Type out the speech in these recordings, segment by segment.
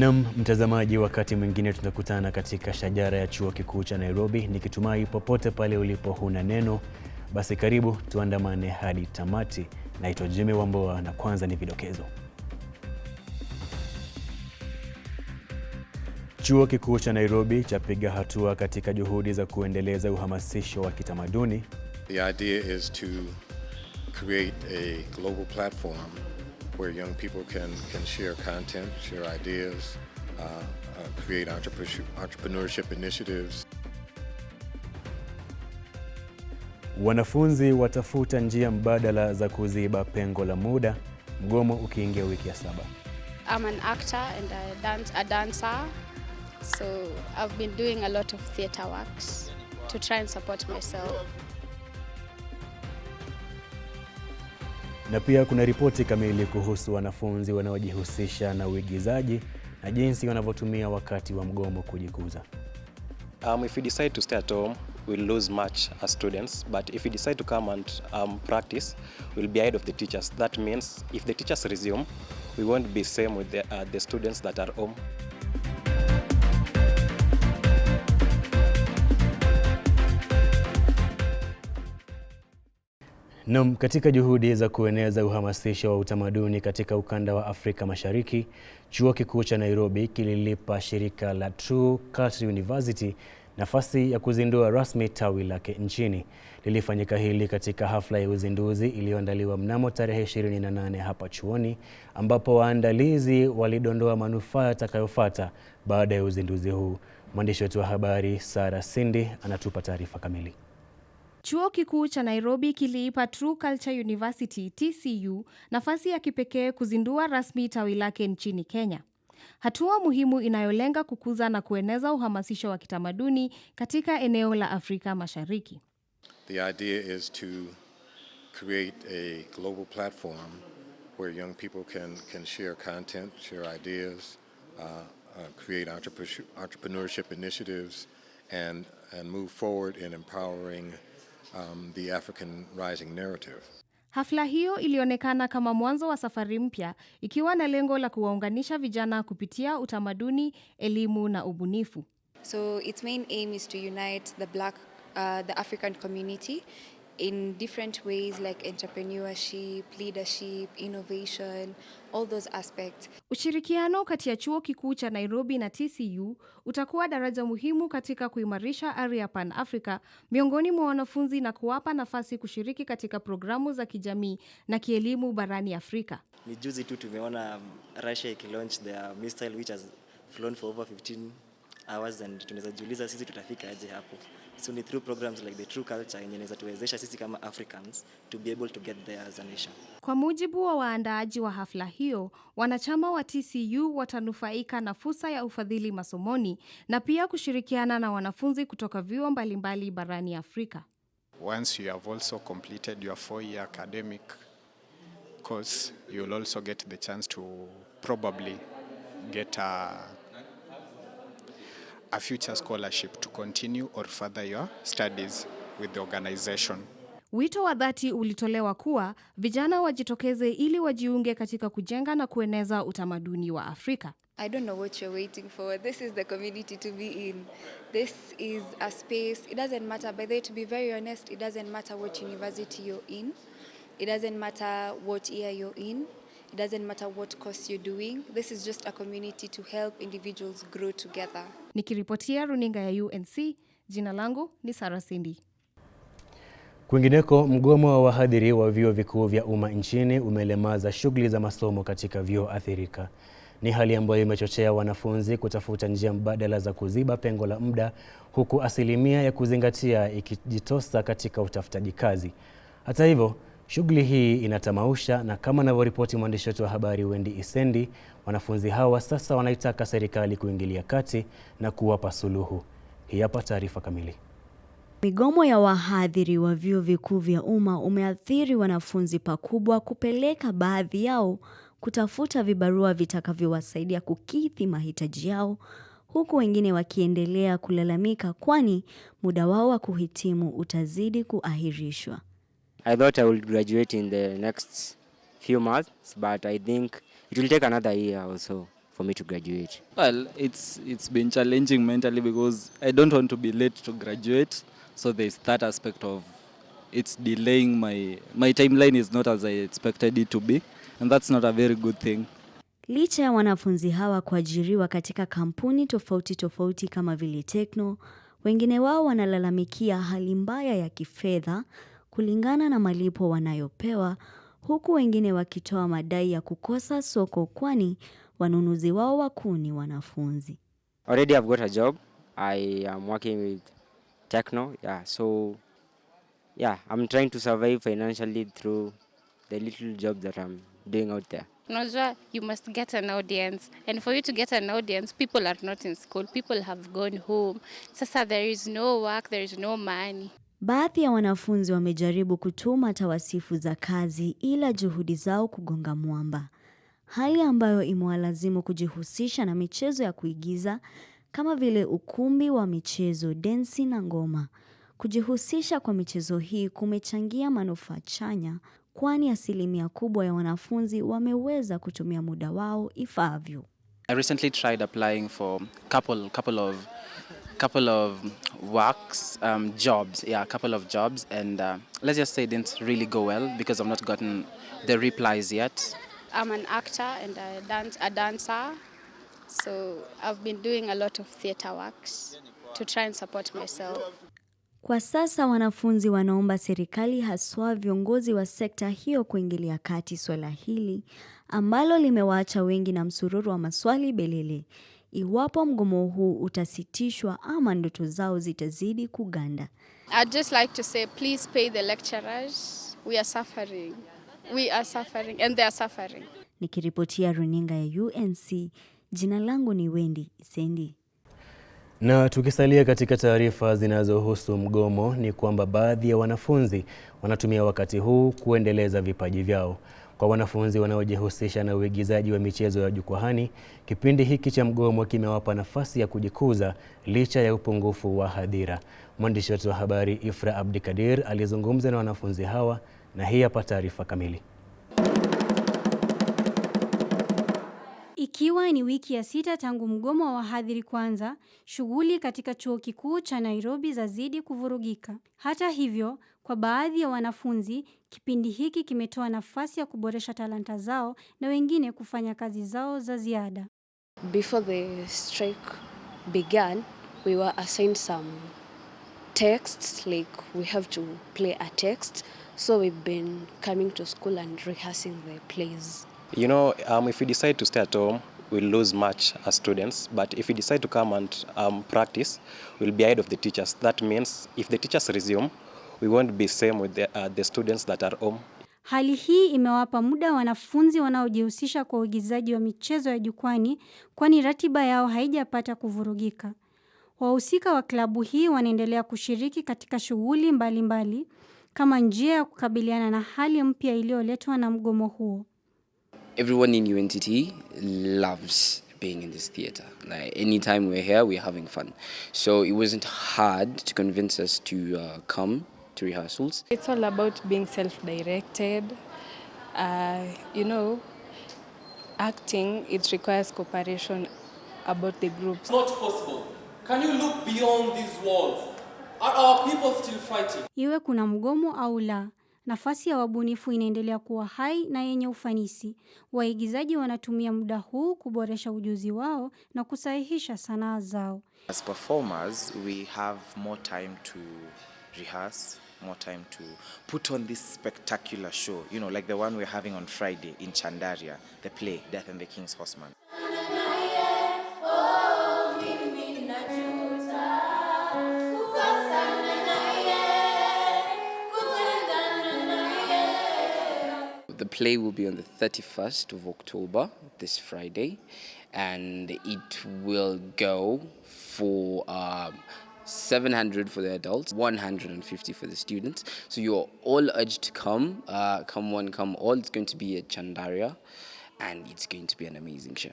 Nam mtazamaji, wakati mwingine tunakutana katika shajara ya chuo kikuu cha Nairobi, nikitumai popote pale ulipo huna neno, basi karibu tuandamane hadi tamati. Naitwa Jimmy Wamboa na kwanza ni vidokezo. Chuo kikuu cha Nairobi chapiga hatua katika juhudi za kuendeleza uhamasisho wa kitamaduni. The idea is to create a global platform where young people can, can share content, share ideas, uh, uh, create entrepreneurship initiatives. Wanafunzi watafuta njia mbadala za kuziba pengo la muda, mgomo ukiingia wiki ya saba. I'm an actor and a, dance, a dancer, so I've been doing a lot of theater works to try and support myself. Na pia kuna ripoti kamili kuhusu wanafunzi wanaojihusisha na uigizaji na jinsi wanavyotumia wakati wa mgomo kujikuza. Um, if we decide to stay at home, we'll lose much as students, but if we decide to come and um, practice, we'll be ahead of the teachers. That means if the teachers resume, we won't be same with the, uh, the students that are home. Nam, katika juhudi za kueneza uhamasisho wa utamaduni katika ukanda wa Afrika Mashariki, Chuo Kikuu cha Nairobi kililipa shirika la True Culture University nafasi ya kuzindua rasmi tawi lake nchini. Lilifanyika hili katika hafla ya uzinduzi iliyoandaliwa mnamo tarehe 28 hapa chuoni, ambapo waandalizi walidondoa manufaa yatakayofuata baada ya uzinduzi huu. Mwandishi wetu wa habari Sara Sindi anatupa taarifa kamili. Chuo Kikuu cha Nairobi kiliipa True Culture University TCU nafasi ya kipekee kuzindua rasmi tawi lake nchini Kenya. Hatua muhimu inayolenga kukuza na kueneza uhamasisho wa kitamaduni katika eneo la Afrika Mashariki. The idea is to create a global platform where young people can, can share content, share ideas, uh, uh, create entrepreneurship initiatives and, and move forward in empowering um, the African rising narrative. Hafla hiyo ilionekana kama mwanzo wa safari mpya ikiwa na lengo la kuwaunganisha vijana kupitia utamaduni, elimu na ubunifu. So its main aim is to unite the black, uh, the African community in different ways like entrepreneurship, leadership, innovation, all those aspects. Ushirikiano kati ya Chuo Kikuu cha Nairobi na TCU utakuwa daraja muhimu katika kuimarisha ari ya Pan Africa miongoni mwa wanafunzi na kuwapa nafasi kushiriki katika programu za kijamii na kielimu barani Afrika. Ni juzi tu tumeona Russia ikilaunch their missile which has flown for over 15 hours and tunaweza jiuliza sisi tutafika aje hapo so ni through programs like the True Culture yenye inaweza tuwezesha sisi kama Africans to be able to get there as a nation. Kwa mujibu wa waandaaji wa hafla hiyo, wanachama wa TCU watanufaika na fursa ya ufadhili masomoni na pia kushirikiana na wanafunzi kutoka vyuo mbalimbali barani Afrika. Once you have also completed your four-year academic course, you'll also get the chance to probably get a a future scholarship to continue or further your studies with the organization. Wito wa dhati ulitolewa kuwa vijana wajitokeze ili wajiunge katika kujenga na kueneza utamaduni wa Afrika. I don't know what you're waiting for. This is the community to be in. This is a space. It doesn't matter. By the way, to be very honest, it doesn't matter what university you're in. It doesn't matter what year you're in. It doesn't matter what course you're doing. This is just a community to help individuals grow together. Nikiripotia runinga ya UNC, jina langu ni Sara Sindi. Kwingineko, mgomo wa wahadhiri wa vyuo vikuu vya umma nchini umelemaza shughuli za masomo katika vyuo athirika. Ni hali ambayo imechochea wanafunzi kutafuta njia mbadala za kuziba pengo la muda, huku asilimia ya kuzingatia ikijitosa katika utafutaji kazi. Hata hivyo Shughuli hii inatamausha, na kama anavyoripoti mwandishi wetu wa habari Wendy Isendi, wanafunzi hawa sasa wanaitaka serikali kuingilia kati na kuwapa suluhu. Hii hapa taarifa kamili. Migomo ya wahadhiri wa vyuo vikuu vya umma umeathiri wanafunzi pakubwa, kupeleka baadhi yao kutafuta vibarua vitakavyowasaidia kukidhi mahitaji yao, huku wengine wakiendelea kulalamika, kwani muda wao wa kuhitimu utazidi kuahirishwa. I thought I would graduate in the next few months, but I think it will take another year or so for me to graduate. Well, it's it's been challenging mentally because I don't want to be late to graduate, so there's that aspect of it's delaying my my timeline is not as I expected it to be, and that's not a very good thing. Licha ya wanafunzi hawa kuajiriwa katika kampuni tofauti tofauti kama vile Tekno, wengine wao wanalalamikia hali mbaya ya kifedha kulingana na malipo wanayopewa, huku wengine wakitoa madai ya kukosa soko kwani wanunuzi wao wakuu ni wanafunzi. Already I've got a job. I am working with Tecno. Yeah, so yeah, I'm trying to survive financially through the little job that I'm doing out there. Unajua, you must get an audience and for you to get an audience people are not in school people have gone home sasa there is no work there is no money Baadhi ya wanafunzi wamejaribu kutuma tawasifu za kazi ila juhudi zao kugonga mwamba, hali ambayo imewalazimu kujihusisha na michezo ya kuigiza kama vile ukumbi wa michezo, densi na ngoma. Kujihusisha kwa michezo hii kumechangia manufaa chanya, kwani asilimia kubwa ya wanafunzi wameweza kutumia muda wao ifaavyo. I recently tried applying for couple, couple of couple of works, um, jobs, yeah, a couple of jobs, and uh, let's just say it didn't really go well because I've not gotten the replies yet. I'm an actor and a, dance, a dancer, so I've been doing a lot of theatre works to try and support myself. Kwa sasa wanafunzi wanaomba serikali haswa viongozi wa sekta hiyo kuingilia kati swala hili ambalo limewaacha wengi na msururu wa maswali belele iwapo mgomo huu utasitishwa ama ndoto zao zitazidi kuganda. I'd just like to say please pay the lecturers. We are suffering. We are suffering and they are suffering. Nikiripotia runinga ya UNC, jina langu ni Wendy Sendi. Na tukisalia katika taarifa zinazohusu mgomo, ni kwamba baadhi ya wanafunzi wanatumia wakati huu kuendeleza vipaji vyao kwa wanafunzi wanaojihusisha na uigizaji wa michezo ya jukwaani. Kipindi hiki cha mgomo kimewapa nafasi ya kujikuza licha ya upungufu wa hadhira. Mwandishi wetu wa habari Ifra Abdikadir alizungumza na wanafunzi hawa na hii hapa taarifa kamili. Ikiwa ni wiki ya sita tangu mgomo wa wahadhiri kwanza, shughuli katika chuo kikuu cha Nairobi zazidi kuvurugika. Hata hivyo, kwa baadhi ya wanafunzi, kipindi hiki kimetoa nafasi ya kuboresha talanta zao na wengine kufanya kazi zao za ziada. Before the strike began, we were assigned some texts, like we have to play a text, so we've been coming to school and rehearsing the plays. You know, um, if we decide to stay at home, we'll lose much as students. But if we decide to come and um, practice, we'll be ahead of the teachers. That means if the teachers resume, we won't be same with the, uh, the students that are home. Hali hii imewapa muda wanafunzi wanaojihusisha kwa uigizaji wa michezo ya jukwani kwani ratiba yao haijapata kuvurugika. Wahusika wa klabu hii wanaendelea kushiriki katika shughuli mbalimbali kama njia ya kukabiliana na hali mpya iliyoletwa na mgomo huo everyone in UNTT loves being in this theater. Like anytime we're here, we're having fun. So it wasn't hard to convince us to uh, come to rehearsals. It's all about being self-directed. Uh, you know, acting, it requires cooperation about the groups. Not possible. Can you look beyond these walls? Are our people still fighting? Iwe kuna mgomo au la Nafasi ya wabunifu inaendelea kuwa hai na yenye ufanisi. Waigizaji wanatumia muda huu kuboresha ujuzi wao na kusahihisha sanaa zao. As performers, we have more time to rehearse, more time to put on this spectacular show, you know, like the one we're having on Friday in Chandaria, the play Death and the King's Horseman. play will be on the 31st of October, this Friday, and it will go for. Um, 700 for the adults 150 for the students so you're all urged to come uh, come one come all it's going to be at chandaria and it's going to be an amazing show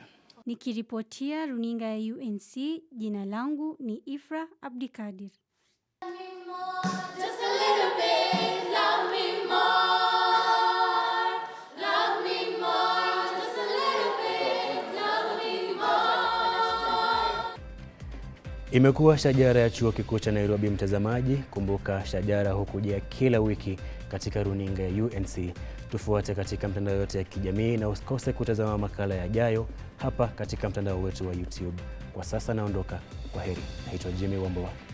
nikiripotia runinga ya unc jina langu ni ifra abdikadir Imekuwa shajara ya chuo kikuu cha Nairobi. Mtazamaji, kumbuka shajara hukujia kila wiki katika runinga ya UNC. Tufuate katika mtandao yote ya kijamii na usikose kutazama makala yajayo hapa katika mtandao wetu wa YouTube. Kwa sasa naondoka, kwa heri. Naitwa Jimmy Wambua.